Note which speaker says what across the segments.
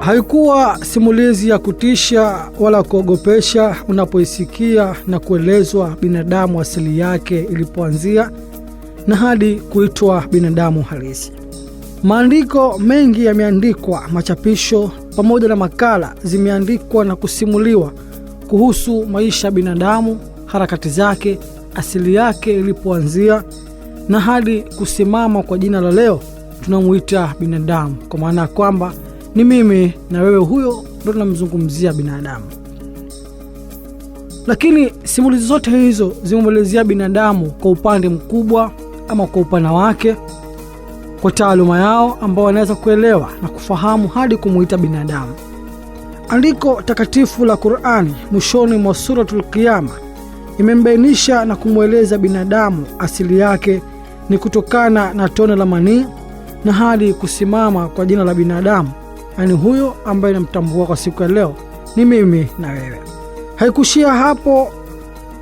Speaker 1: Haikuwa simulizi ya kutisha wala kuogopesha unapoisikia na kuelezwa binadamu asili yake ilipoanzia na hadi kuitwa binadamu halisi. Maandiko mengi yameandikwa, machapisho pamoja na makala zimeandikwa na kusimuliwa kuhusu maisha ya binadamu, harakati zake, asili yake ilipoanzia na hadi kusimama kwa jina la leo tunamuita binadamu, kwa maana ya kwamba ni mimi na wewe, huyo ndo tunamzungumzia binadamu. Lakini simulizi zote hizo zimemwelezea binadamu kwa upande mkubwa ama kwa upana wake, kwa taaluma yao ambao wanaweza kuelewa na kufahamu hadi kumuita binadamu. Andiko takatifu la Qur'ani mwishoni mwa Suratul Qiyama imembainisha na kumweleza binadamu asili yake ni kutokana na tone la manii na hadi kusimama kwa jina la binadamu yaani huyo ambaye namtambua kwa siku ya leo ni mimi na wewe. Haikushia hapo,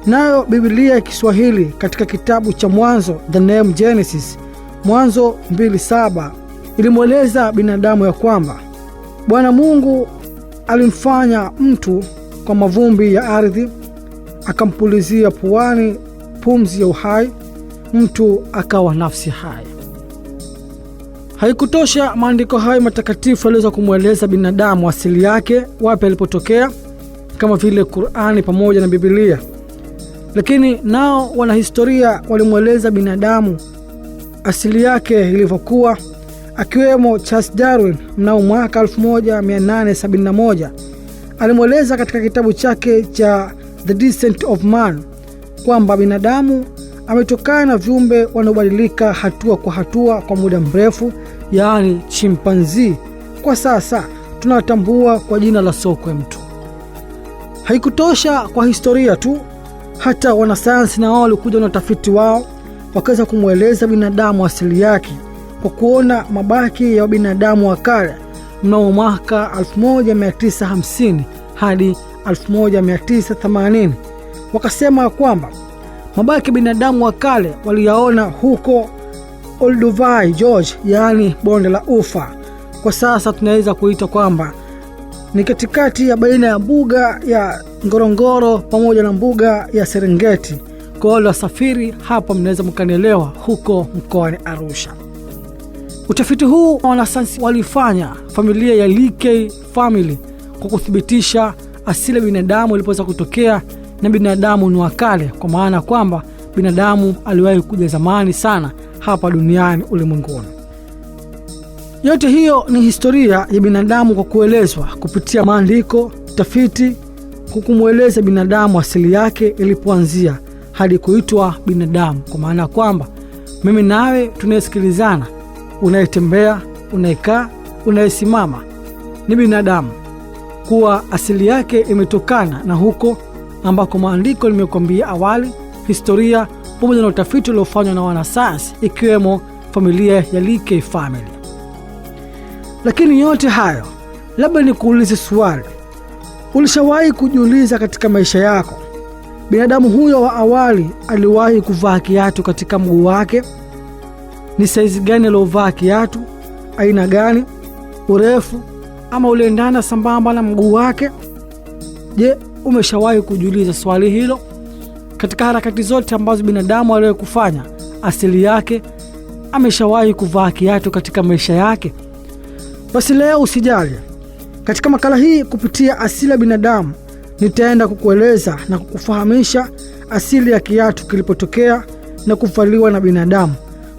Speaker 1: nayo Biblia ya Kiswahili katika kitabu cha Mwanzo, the name Genesis, Mwanzo 2:7 ilimweleza binadamu ya kwamba Bwana Mungu alimfanya mtu kwa mavumbi ya ardhi, akampulizia puani pumzi ya uhai, mtu akawa nafsi hai. Haikutosha, maandiko hayo matakatifu yaliweza kumweleza binadamu asili yake, wapi alipotokea, kama vile Qur'ani pamoja na Biblia. Lakini nao wanahistoria walimweleza binadamu asili yake ilivyokuwa, akiwemo Charles Darwin mnao mwaka 1871 alimweleza katika kitabu chake cha The Descent of Man kwamba binadamu ametokana na viumbe wanaobadilika hatua kwa hatua kwa muda mrefu, yaani chimpanzi kwa sasa tunatambua kwa jina la sokwe mtu. Haikutosha kwa historia tu, hata wanasayansi na wao walikuja na utafiti wao, wakaweza kumweleza binadamu asili yake kwa kuona mabaki ya binadamu wa kale mnamo mwaka 1950 hadi 1980 wakasema kwamba Mabaki binadamu wa kale waliyaona huko Olduvai Gorge, yaani bonde la ufa. Kwa sasa tunaweza kuita kwamba ni katikati ya baina ya mbuga ya Ngorongoro pamoja na mbuga ya Serengeti. Kwa wale wasafiri hapa, mnaweza mkanielewa, huko mkoani Arusha. Utafiti huu wanasayansi walifanya familia ya Leakey family kwa kuthibitisha asili ya binadamu ilipoweza kutokea na binadamu ni wakale, kwa maana kwamba binadamu aliwahi kuja zamani sana hapa duniani ulimwenguni. Yote hiyo ni historia ya binadamu kwa kuelezwa kupitia maandiko, tafiti, kukumweleza binadamu asili yake ilipoanzia hadi kuitwa binadamu, kwa maana ya kwamba mimi nawe tunayesikilizana, unayetembea, unayekaa, unayesimama ni binadamu, kuwa asili yake imetokana na huko ambako maandiko limekwambia awali, historia pamoja na utafiti uliofanywa na wanasayansi ikiwemo familia ya Like family. Lakini yote hayo, labda nikuulize swali, ulishawahi kujiuliza katika maisha yako, binadamu huyo wa awali aliwahi kuvaa kiatu katika mguu wake? Ni saizi gani aliovaa kiatu, aina gani, urefu ama uliendana sambamba na mguu wake? Je, Umeshawahi kujiuliza swali hilo? Katika harakati zote ambazo binadamu aliwe kufanya, asili yake ameshawahi kuvaa kiatu katika maisha yake? Basi leo usijali, katika makala hii kupitia asili ya binadamu nitaenda kukueleza na kukufahamisha asili ya kiatu kilipotokea na kuvaliwa na binadamu,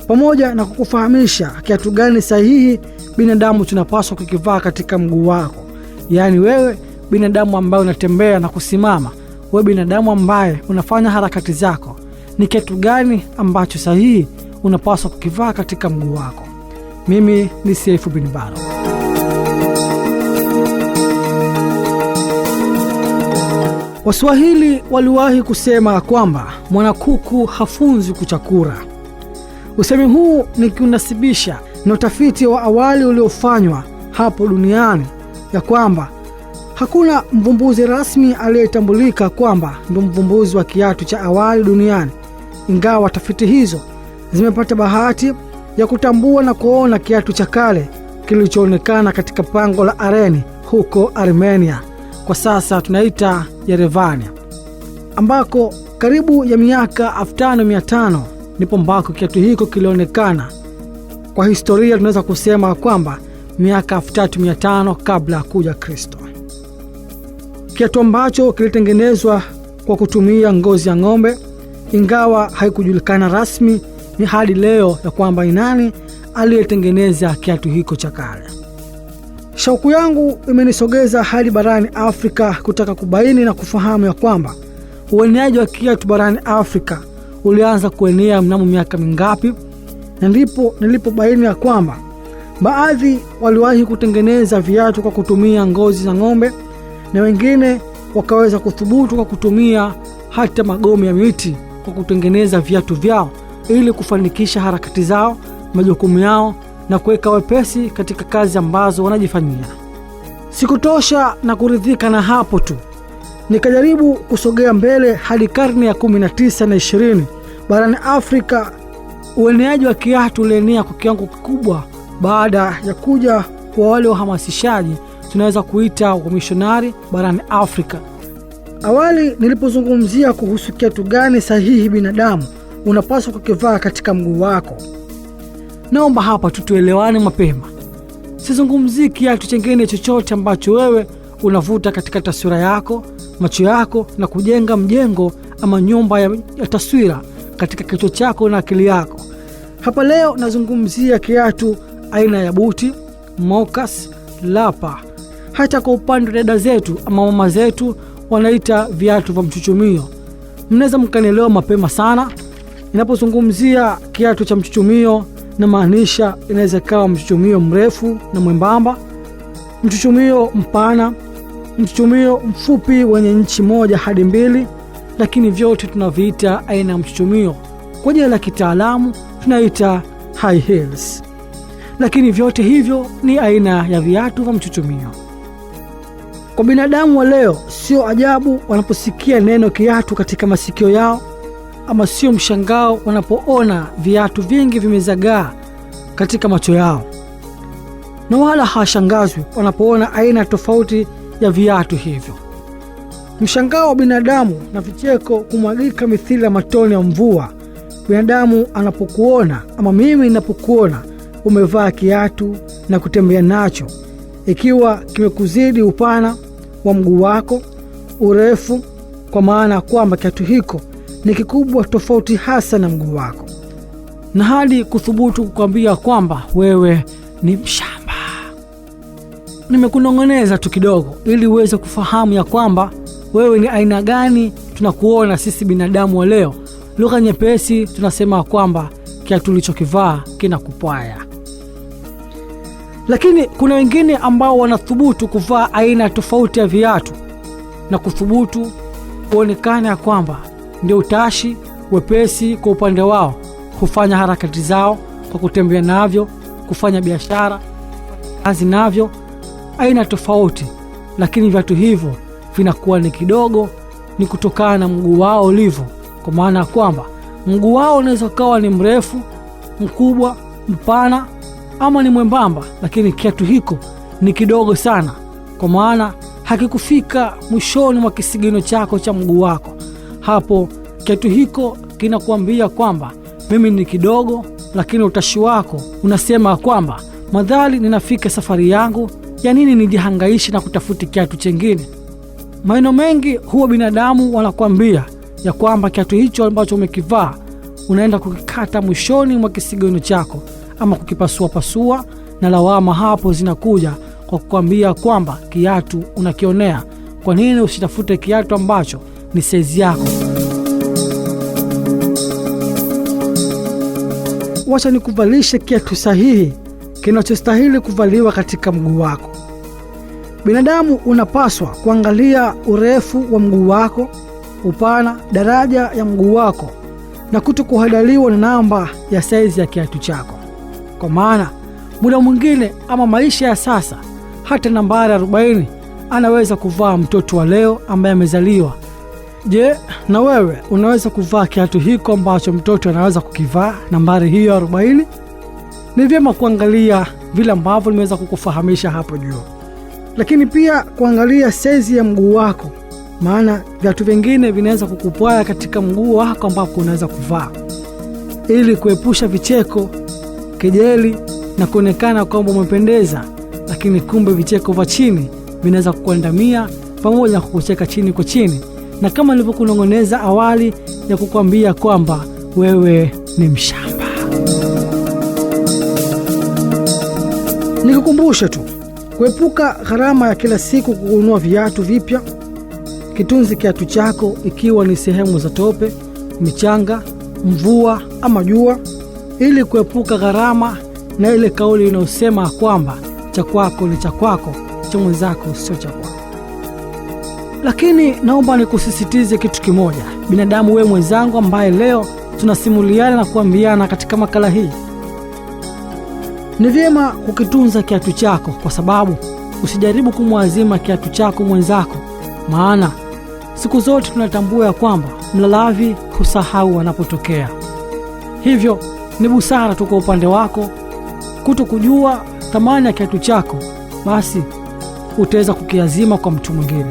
Speaker 1: pamoja na kukufahamisha kiatu gani sahihi binadamu tunapaswa kukivaa katika mguu wako, yaani wewe binadamu ambaye unatembea na kusimama, wewe binadamu ambaye unafanya harakati zako, ni kitu gani ambacho sahihi unapaswa kukivaa katika mguu wako? Mimi ni Seifu bin Baro. Waswahili waliwahi kusema kwamba mwanakuku hafunzwi kuchakura. Usemi huu nikiunasibisha na utafiti wa awali uliofanywa hapo duniani ya kwamba Hakuna mvumbuzi rasmi aliyetambulika kwamba ndio mvumbuzi wa kiatu cha awali duniani, ingawa tafiti hizo zimepata bahati ya kutambua na kuona kiatu cha kale kilichoonekana katika pango la Areni huko Armenia, kwa sasa tunaita Yerevania, ambako karibu ya miaka 5500 ndipo ambako kiatu hiko kilionekana. Kwa historia tunaweza kusema kwamba miaka 3500 kabla ya kuja Kristo kiatu ambacho kilitengenezwa kwa kutumia ngozi ya ng'ombe, ingawa haikujulikana rasmi ni hadi leo ya kwamba ni nani aliyetengeneza kiatu hiko cha kale. Shauku yangu imenisogeza hadi barani Afrika kutaka kubaini na kufahamu ya kwamba ueneaji wa kiatu barani Afrika ulianza kuenea mnamo miaka mingapi, na ndipo nilipobaini ya kwamba baadhi waliwahi kutengeneza viatu kwa kutumia ngozi za ng'ombe na wengine wakaweza kuthubutu kwa kutumia hata magome ya miti kwa kutengeneza viatu vyao ili kufanikisha harakati zao, majukumu yao na kuweka wepesi katika kazi ambazo wanajifanyia. Sikutosha na kuridhika na hapo tu, nikajaribu kusogea mbele hadi karne ya 19 na 20. Barani Afrika ueneaji wa kiatu ulienea kwa kiwango kikubwa baada ya kuja kwa wale wahamasishaji tunaweza kuita wamishonari barani Afrika. Awali nilipozungumzia kuhusu kiatu gani sahihi binadamu unapaswa kukivaa katika mguu wako, naomba hapa tutuelewane mapema. Sizungumzii kiatu chengine chochote ambacho wewe unavuta katika taswira yako, macho yako, na kujenga mjengo ama nyumba ya, ya taswira katika kichwa chako na akili yako. Hapa leo nazungumzia kiatu aina ya buti, mokas, lapa hata kwa upande wa dada zetu ama mama zetu wanaita viatu vya mchuchumio, mnaweza mkanielewa mapema sana. Inapozungumzia kiatu cha mchuchumio, na maanisha inaweza kawa mchuchumio mrefu na mwembamba, mchuchumio mpana, mchuchumio mfupi wenye nchi moja hadi mbili, lakini vyote tunaviita aina ya mchuchumio. Kwa jina la kitaalamu tunaita high heels, lakini vyote hivyo ni aina ya viatu vya mchuchumio. Kwa binadamu wa leo, sio ajabu wanaposikia neno kiatu katika masikio yao, ama sio mshangao wanapoona viatu vingi vimezagaa katika macho yao, na wala hawashangazwi wanapoona aina tofauti ya viatu hivyo. Mshangao wa binadamu na vicheko kumwagika mithili ya matone ya mvua binadamu anapokuona ama mimi inapokuona umevaa kiatu na kutembea nacho, ikiwa kimekuzidi upana wa mguu wako, urefu, kwa maana ya kwamba kiatu hiko ni kikubwa tofauti hasa na mguu wako, na hadi kuthubutu kukwambia kwamba wewe ni mshamba. Nimekunong'oneza tu kidogo, ili uweze kufahamu ya kwamba wewe ni aina gani tunakuona sisi binadamu wa leo. Lugha nyepesi tunasema kwamba kiatu ulichokivaa kinakupwaya. Lakini kuna wengine ambao wanathubutu kuvaa aina tofauti ya viatu na kuthubutu kuonekana ya kwamba ndio utashi wepesi kwa upande wao, hufanya harakati zao kwa kutembea navyo, kufanya biashara, kazi navyo, aina tofauti. Lakini viatu hivyo vinakuwa ni kidogo, ni kutokana na mguu wao ulivyo, kwa maana ya kwamba mguu wao unaweza ukawa ni mrefu, mkubwa, mpana ama ni mwembamba, lakini kiatu hiko ni kidogo sana, kwa maana hakikufika mwishoni mwa kisigino chako cha mguu wako. Hapo kiatu hiko kinakuambia kwamba mimi ni kidogo, lakini utashi wako unasema kwamba madhali ninafika safari yangu, ya nini nijihangaishi na kutafuti kiatu chengine? Maneno mengi huwa binadamu wanakwambia ya kwamba kiatu hicho ambacho umekivaa unaenda kukikata mwishoni mwa kisigino chako ama kukipasuapasua, na lawama hapo zinakuja kwa kukwambia kwamba kiatu unakionea. Kwa nini usitafute kiatu ambacho ni saizi yako? Wacha nikuvalishe kiatu sahihi kinachostahili kuvaliwa katika mguu wako. Binadamu unapaswa kuangalia urefu wa mguu wako, upana, daraja ya mguu wako na kuto kuhadaliwa na namba ya saizi ya kiatu chako kwa maana muda mwingine ama maisha ya sasa, hata nambari arobaini anaweza kuvaa mtoto wa leo ambaye amezaliwa. Je, na wewe unaweza kuvaa kiatu hiko ambacho mtoto anaweza kukivaa nambari hiyo arobaini? Ni vyema kuangalia vile ambavyo nimeweza kukufahamisha hapo juu, lakini pia kuangalia sezi ya mguu wako, maana viatu vingine vinaweza kukupwaya katika mguu wako ambapo unaweza kuvaa, ili kuepusha vicheko kejeli na kuonekana kwamba umependeza, lakini kumbe vicheko vya chini vinaweza kukuandamia pamoja na kukucheka chini kwa chini, na kama nilivyokunong'oneza awali ya kukwambia kwamba wewe ni mshamba. Nikukumbushe tu kuepuka gharama ya kila siku kununua viatu vipya. Kitunzi kiatu chako, ikiwa ni sehemu za tope, michanga, mvua ama jua ili kuepuka gharama na ile kauli inayosema kwamba cha kwako ni cha kwako, cha mwenzako sio cha kwako. Lakini naomba nikusisitize kitu kimoja, binadamu wewe mwenzangu, ambaye leo tunasimuliana na kuambiana katika makala hii, ni vyema kukitunza kiatu chako, kwa sababu usijaribu kumwazima kiatu chako mwenzako, maana siku zote tunatambua ya kwamba mlalavi husahau anapotokea. Hivyo ni busara tu kwa upande wako kuto kujua thamani ya kiatu chako, basi utaweza kukiazima kwa mtu mwingine,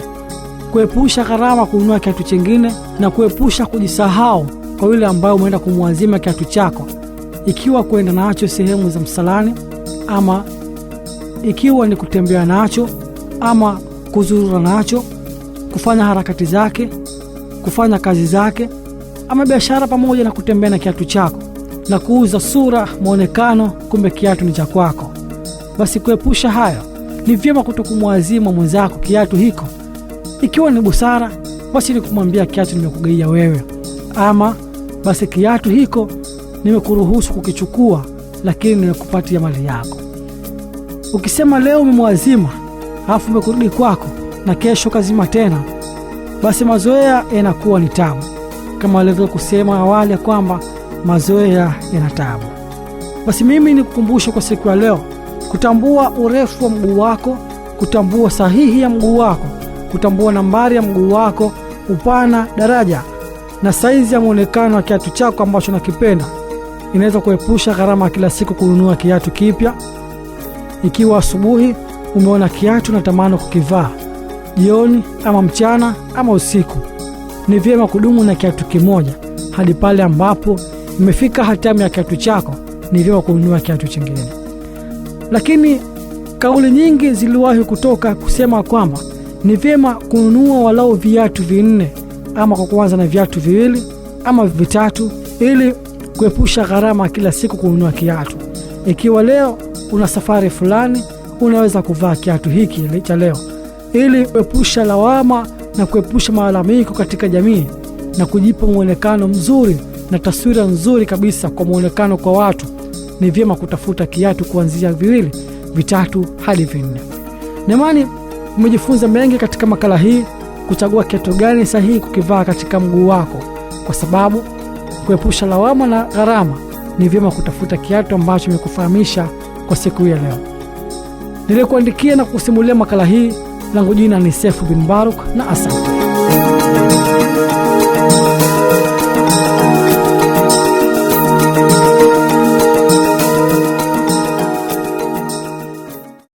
Speaker 1: kuepusha gharama kununua kiatu chingine na kuepusha kujisahau kwa yule ambayo umeenda kumwazima kiatu chako, ikiwa kuenda nacho sehemu za msalani, ama ikiwa ni kutembea nacho ama kuzurura nacho, kufanya harakati zake, kufanya kazi zake, ama biashara, pamoja na kutembea na kiatu chako na kuuza sura, mwonekano, kumbe kiatu ni cha kwako. Basi kuepusha hayo, ni vyema kutokumwazima mwenzako kiatu hiko. Ikiwa ni busara, basi ni kumwambia kiatu nimekugaia wewe, ama basi kiatu hiko nimekuruhusu kukichukua, lakini nimekupatia mali yako. Ukisema leo umemwazima alafu umekurudi kwako na kesho kazima tena, basi mazoea yanakuwa ni tabu, kama alivyokusema awali ya kwamba mazoea yana taabu. Basi mimi kukumbusha kwa siku ya leo kutambua urefu wa mguu wako, kutambua sahihi ya mguu wako, kutambua nambari ya mguu wako, upana, daraja na saizi ya mwonekano wa kiatu chako ambacho nakipenda. Inaweza kuepusha gharama ya kila siku kununua kiatu kipya. Ikiwa asubuhi umeona kiatu na tamano kukivaa, jioni ama mchana ama usiku, ni vyema kudumu na kiatu kimoja hadi pale ambapo umefika hatamu ya kiatu chako, ni vyema kununua kiatu chingine. Lakini kauli nyingi ziliwahi kutoka kusema kwamba ni vyema kununua walau viatu vinne, ama kwa kuanza na viatu viwili ama vitatu, ili kuepusha gharama kila siku kununua kiatu. Ikiwa leo una safari fulani, unaweza kuvaa kiatu hiki cha leo, ili kuepusha lawama na kuepusha malalamiko katika jamii na kujipa mwonekano mzuri na taswira nzuri kabisa kwa mwonekano kwa watu, ni vyema kutafuta kiatu kuanzia viwili vitatu hadi vinne. Naimani umejifunza mengi katika makala hii, kuchagua kiatu gani sahihi kukivaa katika mguu wako, kwa sababu kuepusha lawama na gharama, ni vyema kutafuta kiatu ambacho imekufahamisha kwa siku hiya leo. Nilikuandikia na kusimulia makala hii, langu jina ni Sefu bin Baruk na asante.